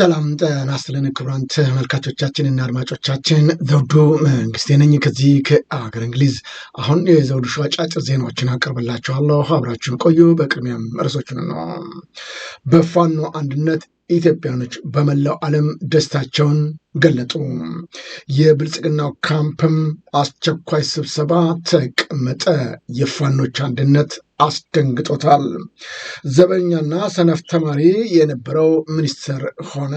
ሰላም ጤና ይስጥልን ክቡራን ተመልካቾቻችንና አድማጮቻችን ዘውዱ መንግስቴ ነኝ ከዚህ ከአገር እንግሊዝ። አሁን የዘውዱ ሾው አጫጭር ዜናዎችን አቀርብላችኋለሁ፣ አብራችሁን ቆዩ። በቅድሚያም ርዕሶቹን ነው። በፋኖ አንድነት ኢትዮጵያኖች በመላው ዓለም ደስታቸውን ገለጡ። የብልጽግናው ካምፕም አስቸኳይ ስብሰባ ተቀመጠ። የፋኖች አንድነት አስደንግጦታል። ዘበኛና ሰነፍ ተማሪ የነበረው ሚኒስትር ሆነ።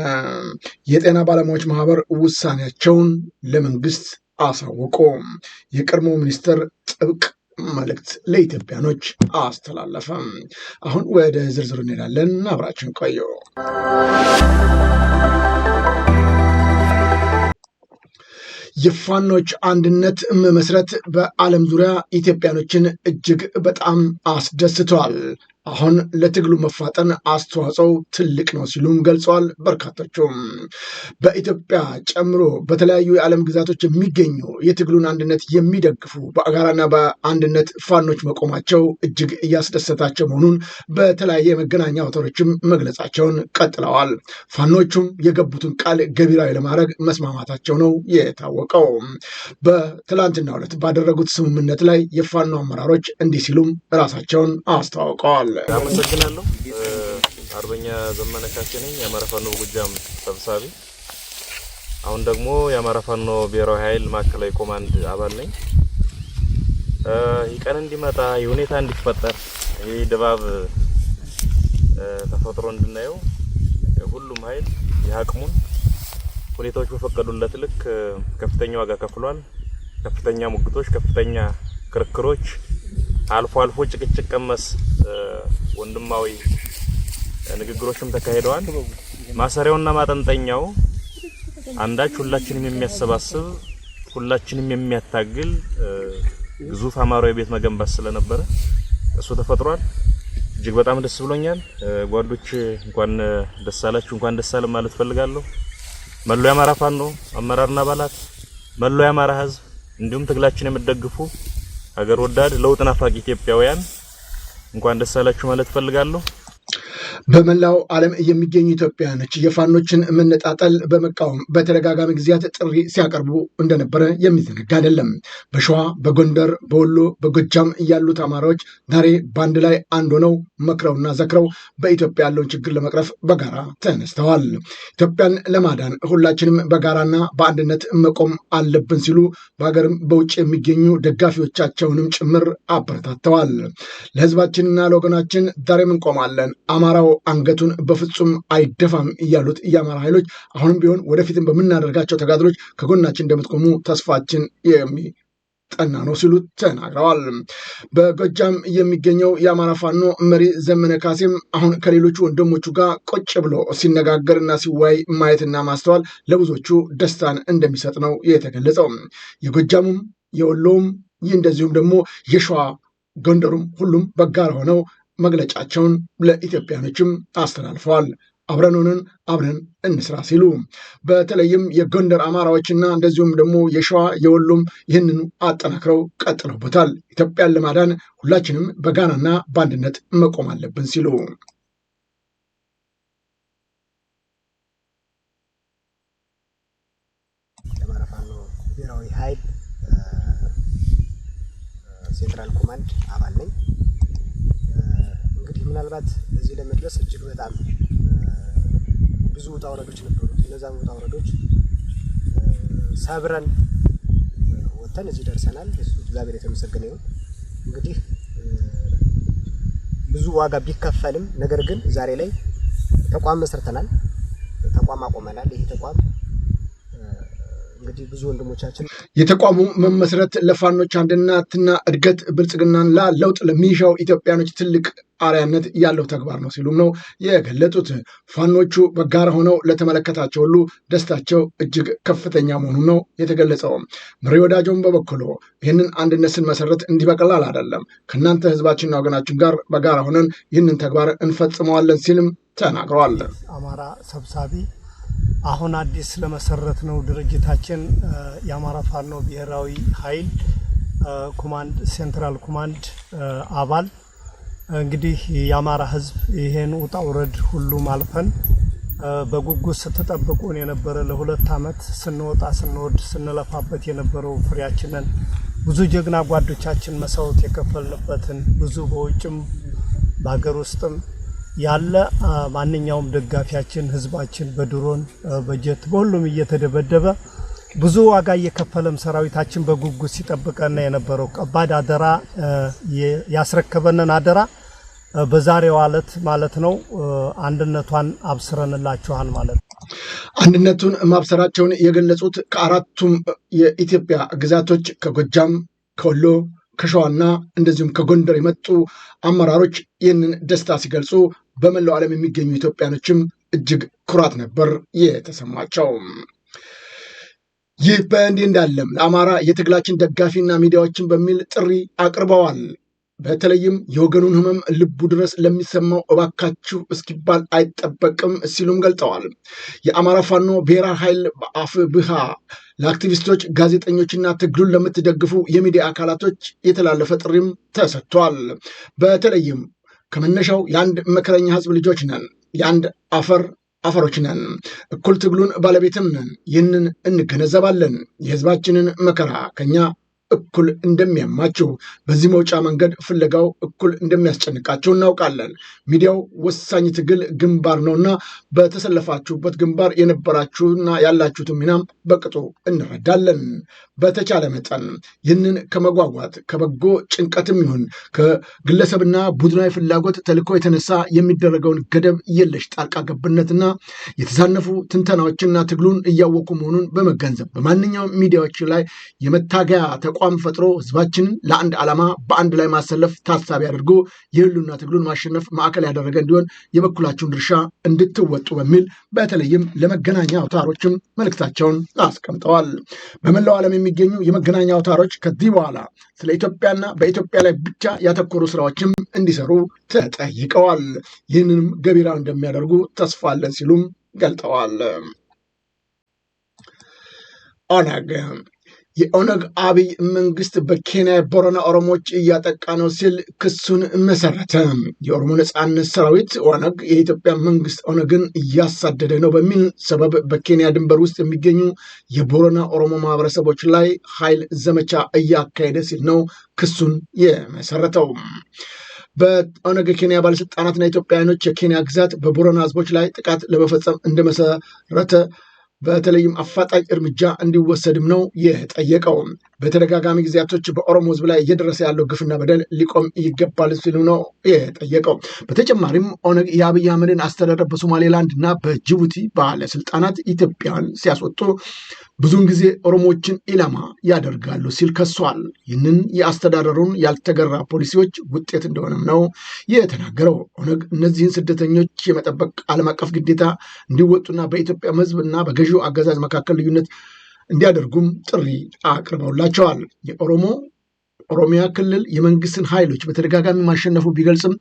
የጤና ባለሙያዎች ማህበር ውሳኔያቸውን ለመንግስት አሳወቁ። የቀድሞ ሚኒስትር ጥብቅ መልእክት ለኢትዮጵያኖች አስተላለፈም። አሁን ወደ ዝርዝሩ እንሄዳለን። አብራችን ቆዩ። የፋኖች አንድነት መመስረት በዓለም ዙሪያ ኢትዮጵያኖችን እጅግ በጣም አስደስተዋል። አሁን ለትግሉ መፋጠን አስተዋጽኦ ትልቅ ነው ሲሉም ገልጸዋል። በርካቶቹም በኢትዮጵያ ጨምሮ በተለያዩ የዓለም ግዛቶች የሚገኙ የትግሉን አንድነት የሚደግፉ በአጋራና በአንድነት ፋኖች መቆማቸው እጅግ እያስደሰታቸው መሆኑን በተለያየ የመገናኛ አውታሮችም መግለጻቸውን ቀጥለዋል። ፋኖቹም የገቡትን ቃል ገቢራዊ ለማድረግ መስማማታቸው ነው የታወቀው። በትላንትና ዕለት ባደረጉት ስምምነት ላይ የፋኖ አመራሮች እንዲህ ሲሉም ራሳቸውን አስተዋውቀዋል። አመሰግናለሁ። አርበኛ ዘመነ ካሴ ነኝ የአማራ ፋኖ ጎጃም ሰብሳቢ። አሁን ደግሞ የአማራ ፋኖ ብሔራዊ ኃይል ማዕከላዊ ኮማንድ አባል ነኝ። ይህ ቀን እንዲመጣ ይህ ሁኔታ እንዲፈጠር ይህ ድባብ ተፈጥሮ እንድናየው ሁሉም ኃይል የአቅሙን ሁኔታዎች በፈቀዱለት ልክ ከፍተኛ ዋጋ ከፍሏል። ከፍተኛ ሙግቶች፣ ከፍተኛ ክርክሮች አልፎ አልፎ ጭቅጭቅ ቀመስ ወንድማዊ ንግግሮችም ተካሂደዋል። ማሰሪያውና ማጠንጠኛው አንዳች ሁላችንም የሚያሰባስብ ሁላችንም የሚያታግል ግዙፍ አማራዊ ቤት መገንባት ስለነበረ እሱ ተፈጥሯል። እጅግ በጣም ደስ ብሎኛል። ጓዶች እንኳን ደስ አላችሁ፣ እንኳን ደስ አለ ማለት ፈልጋለሁ። መላው የአማራ ፋኖ አመራርና አባላት፣ መላው የአማራ ሕዝብ እንዲሁም ትግላችን የምትደግፉ ሀገር ወዳድ ለውጥ ናፋቂ ኢትዮጵያውያን እንኳን ደስ አላችሁ ማለት እፈልጋለሁ። በመላው ዓለም የሚገኙ ኢትዮጵያውያኖች የፋኖችን መነጣጠል በመቃወም በተደጋጋሚ ጊዜያት ጥሪ ሲያቀርቡ እንደነበረ የሚዘነጋ አይደለም። በሸዋ፣ በጎንደር፣ በወሎ፣ በጎጃም ያሉት አማራዎች ዛሬ በአንድ ላይ አንድ ሆነው መክረውና ዘክረው በኢትዮጵያ ያለውን ችግር ለመቅረፍ በጋራ ተነስተዋል። ኢትዮጵያን ለማዳን ሁላችንም በጋራና በአንድነት መቆም አለብን ሲሉ በሀገርም በውጭ የሚገኙ ደጋፊዎቻቸውንም ጭምር አበረታተዋል። ለህዝባችንና ለወገናችን ዛሬም እንቆማለን አማራ ሌላው አንገቱን በፍጹም አይደፋም እያሉት የአማራ ኃይሎች አሁንም ቢሆን ወደፊትም በምናደርጋቸው ተጋድሎች ከጎናችን እንደምትቆሙ ተስፋችን የሚ ጠና ነው ሲሉ ተናግረዋል። በጎጃም የሚገኘው የአማራ ፋኖ መሪ ዘመነ ካሴም አሁን ከሌሎቹ ወንድሞቹ ጋር ቆጭ ብሎ ሲነጋገርና ሲወያይ ማየትና ማስተዋል ለብዙዎቹ ደስታን እንደሚሰጥ ነው የተገለጸው። የጎጃሙም የወሎውም ይህ እንደዚሁም ደግሞ የሸዋ ጎንደሩም ሁሉም በጋር ሆነው መግለጫቸውን ለኢትዮጵያኖችም አስተላልፈዋል። አብረን ሆነን አብረን እንስራ ሲሉ በተለይም የጎንደር አማራዎችና እንደዚሁም ደግሞ የሸዋ የወሎም ይህንኑ አጠናክረው ቀጥለውበታል። ኢትዮጵያን ለማዳን ሁላችንም በጋናና በአንድነት መቆም አለብን ሲሉ የአማራ ፋኖ ብሔራዊ ኃይል ሴንትራል ኮማንድ አባል ነኝ። ምናልባት እዚህ ለመድረስ እጅግ በጣም ብዙ ውጣ ውረዶች ነበሩት። እነዛም ውጣ ውረዶች ሰብረን ወጥተን እዚህ ደርሰናል። እግዚአብሔር የተመሰገነ ይሁን። እንግዲህ ብዙ ዋጋ ቢከፈልም ነገር ግን ዛሬ ላይ ተቋም መስርተናል፣ ተቋም አቆመናል። ይሄ ተቋም እንግዲህ ብዙ ወንድሞቻችን የተቋሙ መመስረት ለፋኖች አንድነትና እድገት ብልጽግናን ለለውጥ ለሚሻው ኢትዮጵያኖች ትልቅ አርያነት ያለው ተግባር ነው ሲሉም ነው የገለጹት። ፋኖቹ በጋራ ሆነው ለተመለከታቸው ሁሉ ደስታቸው እጅግ ከፍተኛ መሆኑ ነው የተገለጸው። መሪ ወዳጆን በበኩሉ ይህንን አንድነት ስንመሰረት እንዲህ በቀላል አይደለም፣ ከእናንተ ህዝባችንና ወገናችን ጋር በጋራ ሆነን ይህንን ተግባር እንፈጽመዋለን ሲልም ተናግረዋል። አማራ ሰብሳቢ አሁን አዲስ ለመሰረት ነው ድርጅታችን የአማራ ፋኖ ብሔራዊ ኃይል ኮማንድ ሴንትራል ኮማንድ አባል እንግዲህ የአማራ ህዝብ ይሄን ውጣ ውረድ ሁሉም አልፈን በጉጉት ስትጠብቁን የነበረ ለሁለት አመት ስንወጣ ስንወድ ስንለፋበት የነበረው ፍሬያችንን ብዙ ጀግና ጓዶቻችን መስዋዕት የከፈልንበትን ብዙ በውጭም በሀገር ውስጥም ያለ ማንኛውም ደጋፊያችን ህዝባችን በድሮን በጀት በሁሉም እየተደበደበ ብዙ ዋጋ እየከፈለም ሰራዊታችን በጉጉት ሲጠብቀን የነበረው ከባድ አደራ ያስረከበንን አደራ በዛሬዋ ዕለት ማለት ነው አንድነቷን አብስረንላችኋል ማለት ነው። አንድነቱን ማብሰራቸውን የገለጹት ከአራቱም የኢትዮጵያ ግዛቶች ከጎጃም፣ ከወሎ ከሸዋና እንደዚሁም ከጎንደር የመጡ አመራሮች ይህንን ደስታ ሲገልጹ በመላው ዓለም የሚገኙ ኢትዮጵያኖችም እጅግ ኩራት ነበር የተሰማቸው። ይህ በእንዲህ እንዳለም ለአማራ የትግላችን ደጋፊና ሚዲያዎችን በሚል ጥሪ አቅርበዋል። በተለይም የወገኑን ህመም ልቡ ድረስ ለሚሰማው እባካችሁ እስኪባል አይጠበቅም ሲሉም ገልጠዋል። የአማራ ፋኖ ብሔራዊ ኃይል ብሃ ለአክቲቪስቶች፣ ጋዜጠኞችና ትግሉን ለምትደግፉ የሚዲያ አካላቶች የተላለፈ ጥሪም ተሰጥቷል። በተለይም ከመነሻው የአንድ መከረኛ ህዝብ ልጆች ነን የአንድ አፈር አፈሮች ነን፣ እኩል ትግሉን ባለቤትም ነን። ይህንን እንገነዘባለን። የህዝባችንን መከራ ከኛ እኩል እንደሚያማቸው፣ በዚህ መውጫ መንገድ ፍለጋው እኩል እንደሚያስጨንቃቸው እናውቃለን። ሚዲያው ወሳኝ ትግል ግንባር ነውና በተሰለፋችሁበት ግንባር የነበራችሁና ያላችሁትን ሚናም በቅጡ እንረዳለን። በተቻለ መጠን ይህንን ከመጓጓት ከበጎ ጭንቀትም ይሁን ከግለሰብና ቡድናዊ ፍላጎት ተልእኮ የተነሳ የሚደረገውን ገደብ የለሽ ጣልቃ ገብነትና የተዛነፉ ትንተናዎችና ትግሉን እያወቁ መሆኑን በመገንዘብ በማንኛውም ሚዲያዎች ላይ የመታገያ ተቋ ተቋም ፈጥሮ ህዝባችንን ለአንድ ዓላማ በአንድ ላይ ማሰለፍ ታሳቢ አድርጎ የህሉና ትግሉን ማሸነፍ ማዕከል ያደረገ እንዲሆን የበኩላችሁን ድርሻ እንድትወጡ በሚል በተለይም ለመገናኛ አውታሮችም መልእክታቸውን አስቀምጠዋል። በመላው ዓለም የሚገኙ የመገናኛ አውታሮች ከዚህ በኋላ ስለ ኢትዮጵያና በኢትዮጵያ ላይ ብቻ ያተኮሩ ስራዎችም እንዲሰሩ ተጠይቀዋል። ይህንንም ገቢራ እንደሚያደርጉ ተስፋ አለን ሲሉም ገልጠዋል። ኦነግ የኦነግ አብይ መንግስት በኬንያ ቦረና ኦሮሞዎች እያጠቃ ነው ሲል ክሱን መሰረተ። የኦሮሞ ነጻነት ሰራዊት ኦነግ የኢትዮጵያ መንግስት ኦነግን እያሳደደ ነው በሚል ሰበብ በኬንያ ድንበር ውስጥ የሚገኙ የቦረና ኦሮሞ ማህበረሰቦች ላይ ኃይል ዘመቻ እያካሄደ ሲል ነው ክሱን የመሰረተው። በኦነግ የኬንያ ባለስልጣናትና ኢትዮጵያውያኖች የኬንያ ግዛት በቦረና ህዝቦች ላይ ጥቃት ለመፈጸም እንደመሰረተ በተለይም አፋጣኝ እርምጃ እንዲወሰድም ነው የጠየቀው። በተደጋጋሚ ጊዜያቶች በኦሮሞ ህዝብ ላይ እየደረሰ ያለው ግፍና በደል ሊቆም ይገባል ሲሉ ነው የጠየቀው። በተጨማሪም ኦነግ የአብይ አህመድን አስተዳደር በሶማሌላንድ እና በጅቡቲ ባለስልጣናት ኢትዮጵያን ሲያስወጡ ብዙውን ጊዜ ኦሮሞዎችን ኢላማ ያደርጋሉ ሲል ከሷል። ይህንን የአስተዳደሩን ያልተገራ ፖሊሲዎች ውጤት እንደሆነም ነው የተናገረው። ኦነግ እነዚህን ስደተኞች የመጠበቅ ዓለም አቀፍ ግዴታ እንዲወጡና በኢትዮጵያ እና በገዢ በገዢው አገዛዝ መካከል ልዩነት እንዲያደርጉም ጥሪ አቅርበውላቸዋል። የኦሮሞ ኦሮሚያ ክልል የመንግስትን ኃይሎች በተደጋጋሚ ማሸነፉ ቢገልጽም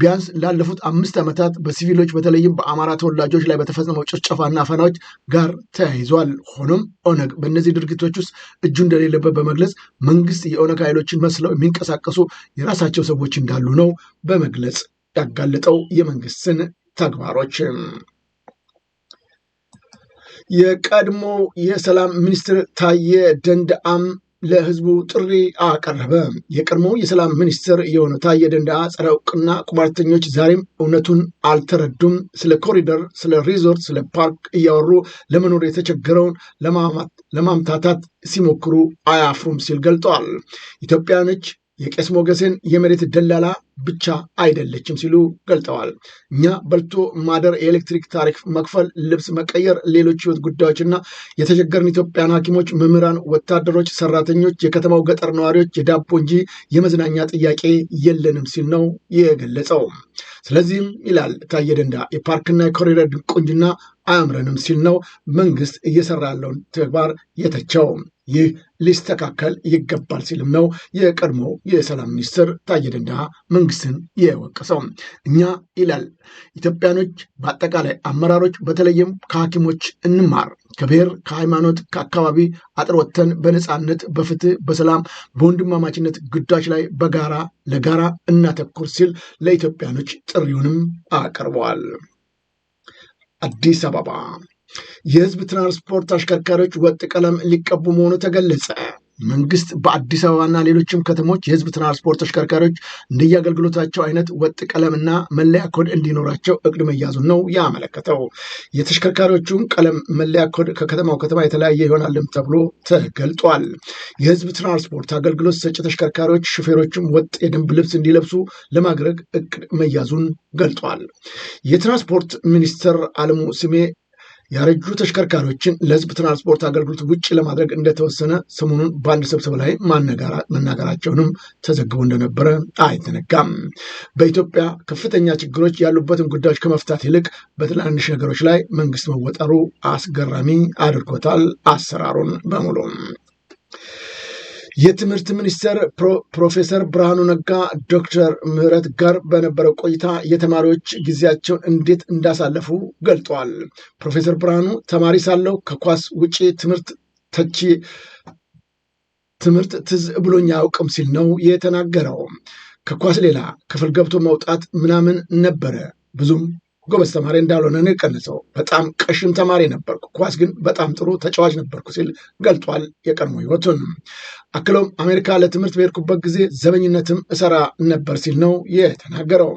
ቢያንስ ላለፉት አምስት ዓመታት በሲቪሎች በተለይም በአማራ ተወላጆች ላይ በተፈጸመው ጭፍጨፋና አፈናዎች ጋር ተያይዟል። ሆኖም ኦነግ በእነዚህ ድርጊቶች ውስጥ እጁ እንደሌለበት በመግለጽ መንግስት የኦነግ ኃይሎችን መስለው የሚንቀሳቀሱ የራሳቸው ሰዎች እንዳሉ ነው በመግለጽ ያጋለጠው የመንግስትን ተግባሮች የቀድሞ የሰላም ሚኒስትር ታዬ ደንደአም ለህዝቡ ጥሪ አቀረበ። የቀድሞው የሰላም ሚኒስትር የሆነ ታዬ ደንደአ ጸረ እውቅና ቁማርተኞች ዛሬም እውነቱን አልተረዱም፣ ስለ ኮሪደር፣ ስለ ሪዞርት፣ ስለ ፓርክ እያወሩ ለመኖር የተቸገረውን ለማምታታት ሲሞክሩ አያፍሩም ሲል ገልጠዋል። ኢትዮጵያ ነች የቄስ ሞገስን የመሬት ደላላ ብቻ አይደለችም ሲሉ ገልጠዋል። እኛ በልቶ ማደር፣ የኤሌክትሪክ ታሪክ መክፈል፣ ልብስ መቀየር፣ ሌሎች ህይወት ጉዳዮችና የተቸገርን ኢትዮጵያን ሐኪሞች፣ መምህራን፣ ወታደሮች፣ ሰራተኞች፣ የከተማው ገጠር ነዋሪዎች የዳቦ እንጂ የመዝናኛ ጥያቄ የለንም ሲል ነው የገለጸው። ስለዚህም ይላል ታየደንዳ ደንዳ የፓርክና የኮሪደር ቁንጅና አያምረንም ሲል ነው መንግስት እየሰራ ያለውን ተግባር የተቸው። ይህ ሊስተካከል ይገባል ሲልም ነው የቀድሞ የሰላም ሚኒስትር ታዬ መንግስትን የወቀሰው። እኛ ይላል ኢትዮጵያኖች በአጠቃላይ አመራሮች፣ በተለይም ከሐኪሞች እንማር ከብሔር፣ ከሃይማኖት፣ ከአካባቢ አጥር ወጥተን በነፃነት፣ በፍትህ፣ በሰላም፣ በወንድማማችነት ጉዳዮች ላይ በጋራ ለጋራ እናተኩር ሲል ለኢትዮጵያኖች ጥሪውንም አቅርበዋል። አዲስ አበባ የህዝብ ትራንስፖርት አሽከርካሪዎች ወጥ ቀለም ሊቀቡ መሆኑ ተገለጸ። መንግስት በአዲስ አበባና ሌሎችም ከተሞች የህዝብ ትራንስፖርት ተሽከርካሪዎች እንደየአገልግሎታቸው አይነት ወጥ ቀለምና መለያ ኮድ እንዲኖራቸው እቅድ መያዙን ነው ያመለከተው። የተሽከርካሪዎቹን ቀለም መለያ ኮድ ከከተማው ከተማ የተለያየ ይሆናልም ተብሎ ተገልጧል። የህዝብ ትራንስፖርት አገልግሎት ሰጪ ተሽከርካሪዎች ሹፌሮችም ወጥ የደንብ ልብስ እንዲለብሱ ለማድረግ እቅድ መያዙን ገልጧል። የትራንስፖርት ሚኒስትር አለሙ ስሜ ያረጁ ተሽከርካሪዎችን ለህዝብ ትራንስፖርት አገልግሎት ውጭ ለማድረግ እንደተወሰነ ሰሞኑን በአንድ ስብሰባ ላይ መናገራቸውንም ተዘግቦ እንደነበረ አይዘነጋም። በኢትዮጵያ ከፍተኛ ችግሮች ያሉበትን ጉዳዮች ከመፍታት ይልቅ በትናንሽ ነገሮች ላይ መንግስት መወጠሩ አስገራሚ አድርጎታል አሰራሩን በሙሉ። የትምህርት ሚኒስትር ፕሮፌሰር ብርሃኑ ነጋ ዶክተር ምህረት ጋር በነበረው ቆይታ የተማሪዎች ጊዜያቸውን እንዴት እንዳሳለፉ ገልጠዋል። ፕሮፌሰር ብርሃኑ ተማሪ ሳለው ከኳስ ውጪ ትምህርት ተቺ ትምህርት ትዝ ብሎኝ አያውቅም ሲል ነው የተናገረው። ከኳስ ሌላ ክፍል ገብቶ መውጣት ምናምን ነበረ ብዙም ጎበዝ ተማሪ እንዳልሆነ ነው የቀነሰው። በጣም ቀሽም ተማሪ ነበርኩ፣ ኳስ ግን በጣም ጥሩ ተጫዋች ነበርኩ ሲል ገልጧል የቀድሞ ህይወቱን። አክሎም አሜሪካ ለትምህርት በሄድኩበት ጊዜ ዘበኝነትም እሰራ ነበር ሲል ነው የተናገረው።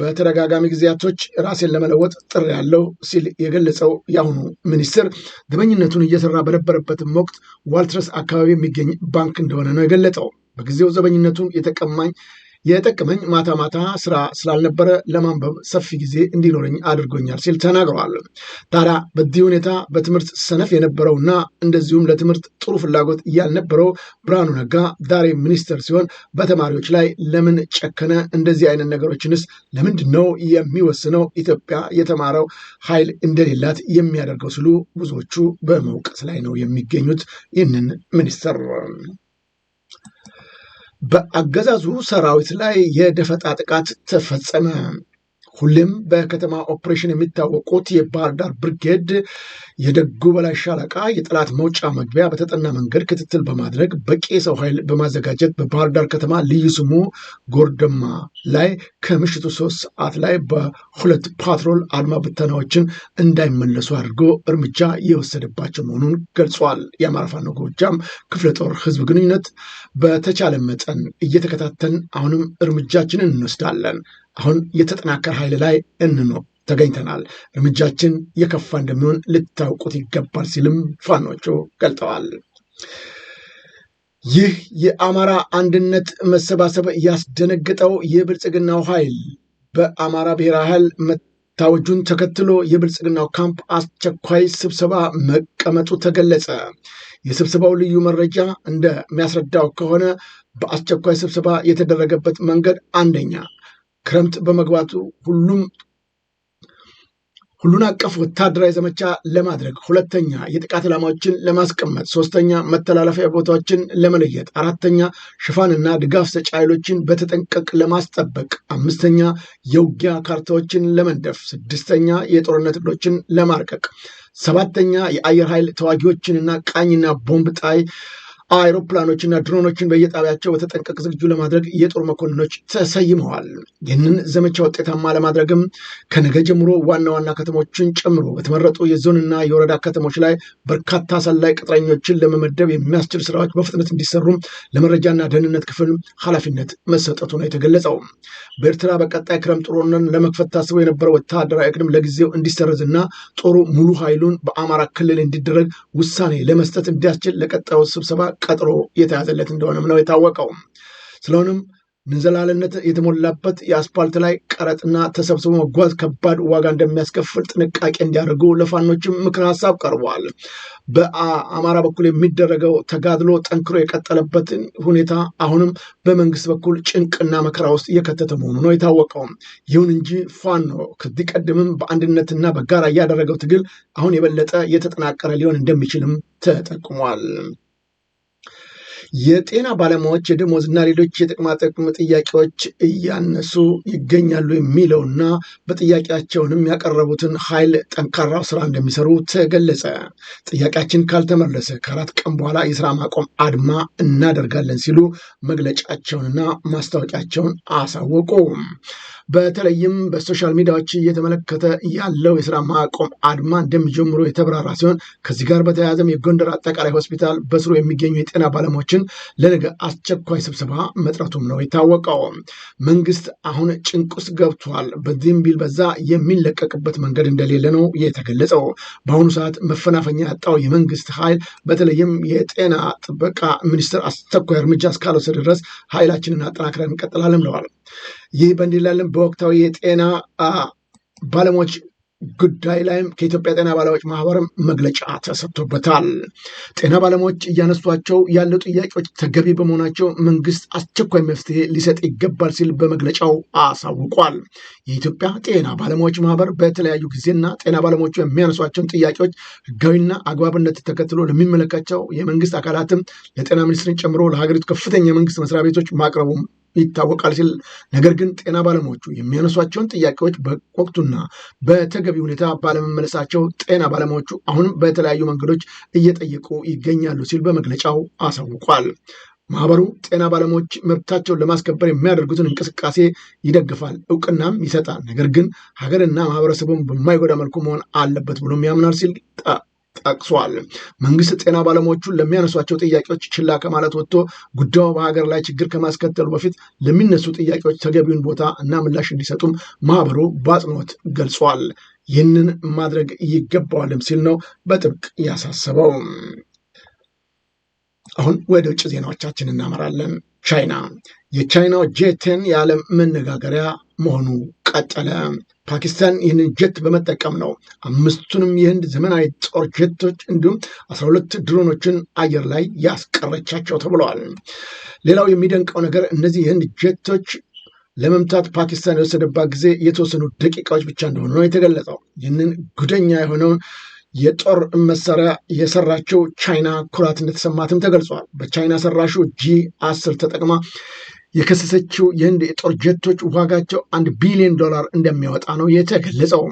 በተደጋጋሚ ጊዜያቶች ራሴን ለመለወጥ ጥር ያለው ሲል የገለጸው የአሁኑ ሚኒስትር ዘበኝነቱን እየሰራ በነበረበትም ወቅት ዋልትረስ አካባቢ የሚገኝ ባንክ እንደሆነ ነው የገለጠው። በጊዜው ዘበኝነቱን የተቀማኝ የጠቀመኝ ማታ ማታ ስራ ስላልነበረ ለማንበብ ሰፊ ጊዜ እንዲኖረኝ አድርጎኛል ሲል ተናግረዋል። ታዲያ በዚህ ሁኔታ በትምህርት ሰነፍ የነበረውና እንደዚሁም ለትምህርት ጥሩ ፍላጎት ያልነበረው ብርሃኑ ነጋ ዛሬ ሚኒስትር ሲሆን በተማሪዎች ላይ ለምን ጨከነ? እንደዚህ አይነት ነገሮችንስ ለምንድን ነው የሚወስነው? ኢትዮጵያ የተማረው ኃይል እንደሌላት የሚያደርገው ሲሉ ብዙዎቹ በመውቀስ ላይ ነው የሚገኙት ይህንን ሚኒስትር በአገዛዙ ሰራዊት ላይ የደፈጣ ጥቃት ተፈጸመ። ሁሌም በከተማ ኦፕሬሽን የሚታወቁት የባህር ዳር ብርጌድ የደጉ በላይ ሻለቃ የጠላት መውጫ መግቢያ በተጠና መንገድ ክትትል በማድረግ በቂ የሰው ኃይል በማዘጋጀት በባህር ዳር ከተማ ልዩ ስሙ ጎርደማ ላይ ከምሽቱ ሶስት ሰዓት ላይ በሁለት ፓትሮል አድማ ብተናዎችን እንዳይመለሱ አድርጎ እርምጃ የወሰደባቸው መሆኑን ገልጿል። የአማራ ፋኖ ጎጃም ክፍለ ጦር ህዝብ ግንኙነት በተቻለ መጠን እየተከታተን አሁንም እርምጃችንን እንወስዳለን አሁን የተጠናከረ ኃይል ላይ እንኖር ተገኝተናል። እርምጃችን የከፋ እንደሚሆን ልታውቁት ይገባል ሲልም ፋኖቹ ገልጠዋል። ይህ የአማራ አንድነት መሰባሰብ ያስደነገጠው የብልጽግናው ኃይል በአማራ ብሔራዊ ኃይል መታወጁን ተከትሎ የብልጽግናው ካምፕ አስቸኳይ ስብሰባ መቀመጡ ተገለጸ። የስብሰባው ልዩ መረጃ እንደሚያስረዳው ከሆነ በአስቸኳይ ስብሰባ የተደረገበት መንገድ አንደኛ ክረምት በመግባቱ ሁሉም ሁሉን አቀፍ ወታደራዊ ዘመቻ ለማድረግ፣ ሁለተኛ የጥቃት ኢላማዎችን ለማስቀመጥ፣ ሶስተኛ መተላለፊያ ቦታዎችን ለመለየት፣ አራተኛ ሽፋንና ድጋፍ ሰጪ ኃይሎችን በተጠንቀቅ ለማስጠበቅ፣ አምስተኛ የውጊያ ካርታዎችን ለመንደፍ፣ ስድስተኛ የጦርነት ዕቅዶችን ለማርቀቅ፣ ሰባተኛ የአየር ኃይል ተዋጊዎችንና ቃኝና ቦምብ ጣይ አውሮፕላኖችና ድሮኖችን በየጣቢያቸው በተጠንቀቅ ዝግጁ ለማድረግ የጦር መኮንኖች ተሰይመዋል። ይህንን ዘመቻ ውጤታማ ለማድረግም ከነገ ጀምሮ ዋና ዋና ከተሞችን ጨምሮ በተመረጡ የዞንና የወረዳ ከተሞች ላይ በርካታ ሰላይ ቅጥረኞችን ለመመደብ የሚያስችል ስራዎች በፍጥነት እንዲሰሩ ለመረጃና ደህንነት ክፍል ኃላፊነት መሰጠቱ ነው የተገለጸው። በኤርትራ በቀጣይ ክረምት ጦርነትን ለመክፈት ታስቦ የነበረው ወታደራዊ እቅድም ለጊዜው እንዲሰረዝና ጦሩ ሙሉ ኃይሉን በአማራ ክልል እንዲደረግ ውሳኔ ለመስጠት እንዲያስችል ለቀጣዩ ስብሰባ ቀጥሮ የተያዘለት እንደሆነም ነው የታወቀው። ስለሆነም ምንዘላለነት የተሞላበት የአስፓልት ላይ ቀረጥና ተሰብስቦ መጓዝ ከባድ ዋጋ እንደሚያስከፍል ጥንቃቄ እንዲያደርጉ ለፋኖችም ምክር ሀሳብ ቀርቧል። በአማራ በኩል የሚደረገው ተጋድሎ ጠንክሮ የቀጠለበትን ሁኔታ አሁንም በመንግስት በኩል ጭንቅና መከራ ውስጥ እየከተተ መሆኑ ነው የታወቀው። ይሁን እንጂ ፋኖ ከዚህ ቀደምም በአንድነትና በጋራ እያደረገው ትግል አሁን የበለጠ የተጠናቀረ ሊሆን እንደሚችልም ተጠቁሟል። የጤና ባለሙያዎች የደሞዝ እና ሌሎች የጥቅማ ጥቅም ጥያቄዎች እያነሱ ይገኛሉ የሚለውና በጥያቄያቸውንም ያቀረቡትን ኃይል ጠንካራው ስራ እንደሚሰሩ ተገለጸ። ጥያቄያችን ካልተመለሰ ከአራት ቀን በኋላ የስራ ማቆም አድማ እናደርጋለን ሲሉ መግለጫቸውንና ማስታወቂያቸውን አሳወቁ። በተለይም በሶሻል ሚዲያዎች እየተመለከተ ያለው የስራ ማቆም አድማ እንደሚጀምሩ የተብራራ ሲሆን ከዚህ ጋር በተያያዘም የጎንደር አጠቃላይ ሆስፒታል በስሩ የሚገኙ የጤና ባለሙያዎችን ለነገ አስቸኳይ ስብሰባ መጥረቱም ነው የታወቀው። መንግስት አሁን ጭንቅ ውስጥ ገብቷል። በዚህም ቢል በዛ የሚለቀቅበት መንገድ እንደሌለ ነው የተገለጸው። በአሁኑ ሰዓት መፈናፈኛ ያጣው የመንግስት ኃይል በተለይም የጤና ጥበቃ ሚኒስትር አስቸኳይ እርምጃ እስካልወሰደ ድረስ ኃይላችንን አጠናክረን እንቀጥላለን ብለዋል። ይህ በእንዲህ በወቅታዊ የጤና ባለሙያዎች ጉዳይ ላይም ከኢትዮጵያ ጤና ባለሙያዎች ማህበርም መግለጫ ተሰጥቶበታል። ጤና ባለሙያዎች እያነሷቸው ያለው ጥያቄዎች ተገቢ በመሆናቸው መንግስት አስቸኳይ መፍትሄ ሊሰጥ ይገባል ሲል በመግለጫው አሳውቋል። የኢትዮጵያ ጤና ባለሙያዎች ማህበር በተለያዩ ጊዜና ጤና ባለሙያዎቹ የሚያነሷቸውን ጥያቄዎች ህጋዊና አግባብነት ተከትሎ ለሚመለከታቸው የመንግስት አካላትም ለጤና ሚኒስትርን ጨምሮ ለሀገሪቱ ከፍተኛ የመንግስት መስሪያ ቤቶች ማቅረቡም ይታወቃል ሲል ነገር ግን ጤና ባለሙያዎቹ የሚያነሷቸውን ጥያቄዎች በወቅቱና በተገቢ ሁኔታ ባለመመለሳቸው ጤና ባለሙያዎቹ አሁንም በተለያዩ መንገዶች እየጠየቁ ይገኛሉ ሲል በመግለጫው አሳውቋል። ማህበሩ ጤና ባለሙያዎች መብታቸውን ለማስከበር የሚያደርጉትን እንቅስቃሴ ይደግፋል፣ እውቅናም ይሰጣል። ነገር ግን ሀገርና ማህበረሰቡን በማይጎዳ መልኩ መሆን አለበት ብሎም ያምናል ሲል ጠቅሷል። መንግስት ጤና ባለሙያዎቹን ለሚያነሷቸው ጥያቄዎች ችላ ከማለት ወጥቶ ጉዳዩ በሀገር ላይ ችግር ከማስከተሉ በፊት ለሚነሱ ጥያቄዎች ተገቢውን ቦታ እና ምላሽ እንዲሰጡም ማህበሩ በአጽንኦት ገልጿል። ይህንን ማድረግ ይገባዋልም ሲል ነው በጥብቅ ያሳሰበው። አሁን ወደ ውጭ ዜናዎቻችን እናመራለን። ቻይና የቻይናው ጄቴን የዓለም መነጋገሪያ መሆኑ ቀጠለ። ፓኪስታን ይህንን ጀት በመጠቀም ነው አምስቱንም የህንድ ዘመናዊ ጦር ጀቶች እንዲሁም አስራ ሁለት ድሮኖችን አየር ላይ ያስቀረቻቸው ተብለዋል። ሌላው የሚደንቀው ነገር እነዚህ የህንድ ጀቶች ለመምታት ፓኪስታን የወሰደባት ጊዜ የተወሰኑ ደቂቃዎች ብቻ እንደሆኑ ነው የተገለጸው። ይህንን ጉደኛ የሆነውን የጦር መሳሪያ የሰራቸው ቻይና ኩራት እንደተሰማትም ተገልጿል። በቻይና ሰራሹ ጂ አስር ተጠቅማ የከሰሰችው የህንድ የጦር ጀቶች ዋጋቸው አንድ ቢሊዮን ዶላር እንደሚያወጣ ነው የተገለጸው።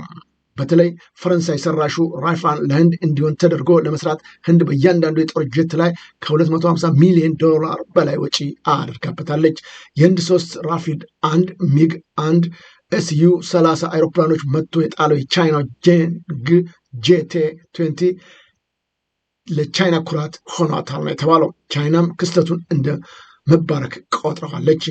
በተለይ ፈረንሳይ ሰራሹ ራይፋን ለህንድ እንዲሆን ተደርጎ ለመስራት ህንድ በእያንዳንዱ የጦር ጀት ላይ ከ250 ሚሊዮን ዶላር በላይ ወጪ አድርጋበታለች። የህንድ ሶስት ራፊድ አንድ ሚግ አንድ ኤስዩ 30 አይሮፕላኖች መጥቶ የጣለው የቻይና ጄንግ ጄቴ 20 ለቻይና ኩራት ሆኗታል ነው የተባለው። ቻይናም ክስተቱን እንደ መባረክ ቆጥረዋለች።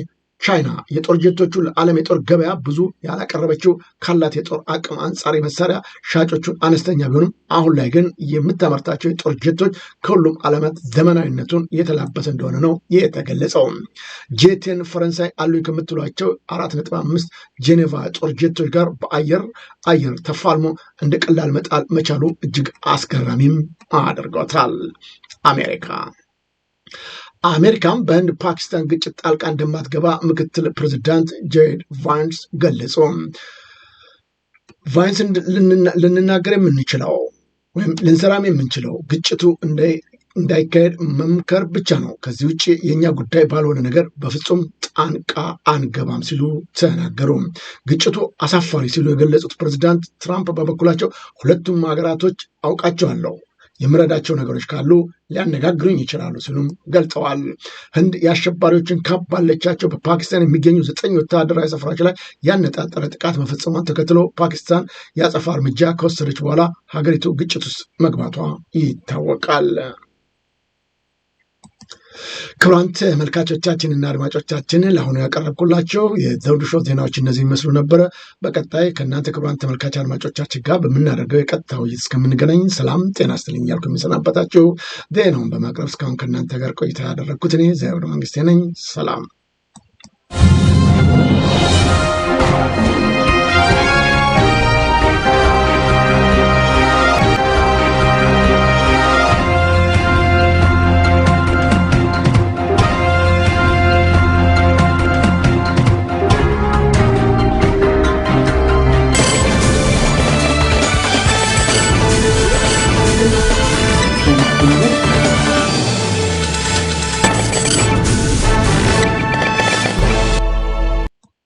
ቻይና የጦር ጀቶቹን ለዓለም የጦር ገበያ ብዙ ያላቀረበችው ካላት የጦር አቅም አንጻር መሳሪያ ሻጮቹን አነስተኛ ቢሆንም አሁን ላይ ግን የምታመርታቸው የጦር ጀቶች ከሁሉም ዓለማት ዘመናዊነቱን እየተላበሰ እንደሆነ ነው የተገለጸው። ጄቴን ፈረንሳይ አሉ ከምትሏቸው አራት ነጥብ አምስት ጄኔቫ ጦር ጀቶች ጋር በአየር አየር ተፋልሞ እንደ ቀላል መጣል መቻሉ እጅግ አስገራሚም አድርጎታል። አሜሪካ አሜሪካም በህንድ ፓኪስታን ግጭት ጣልቃ እንደማትገባ ምክትል ፕሬዚዳንት ጄድ ቫንስ ገለጹ። ቫንስ ልንናገር የምንችለው ወይም ልንሰራም የምንችለው ግጭቱ እንዳይካሄድ መምከር ብቻ ነው። ከዚህ ውጭ የእኛ ጉዳይ ባልሆነ ነገር በፍጹም ጣንቃ አንገባም ሲሉ ተናገሩ። ግጭቱ አሳፋሪ ሲሉ የገለጹት ፕሬዚዳንት ትራምፕ በበኩላቸው ሁለቱም ሀገራቶች አውቃቸዋለሁ የምረዳቸው ነገሮች ካሉ ሊያነጋግሩኝ ይችላሉ ሲሉም ገልጸዋል። ህንድ የአሸባሪዎችን ካምፕ ባለቻቸው በፓኪስታን የሚገኙ ዘጠኝ ወታደራዊ ሰፍራች ላይ ያነጣጠረ ጥቃት መፈጸሟን ተከትሎ ፓኪስታን የአጸፋ እርምጃ ከወሰደች በኋላ ሀገሪቱ ግጭት ውስጥ መግባቷ ይታወቃል። ክብራንት ተመልካቾቻችንና አድማጮቻችን ለአሁኑ ያቀረብኩላቸው የዘውዱ ሾው ዜናዎች እነዚህ ይመስሉ ነበረ። በቀጣይ ከእናንተ ክብራንት ተመልካች አድማጮቻችን ጋር በምናደርገው የቀጥታ ውይይት እስከምንገናኝ ሰላም ጤና ይስጥልኝ እያልኩ የምሰናበታችሁ ዜናውን በማቅረብ እስካሁን ከእናንተ ጋር ቆይታ ያደረግኩት እኔ ዘውዱ መንግስቴ ነኝ። ሰላም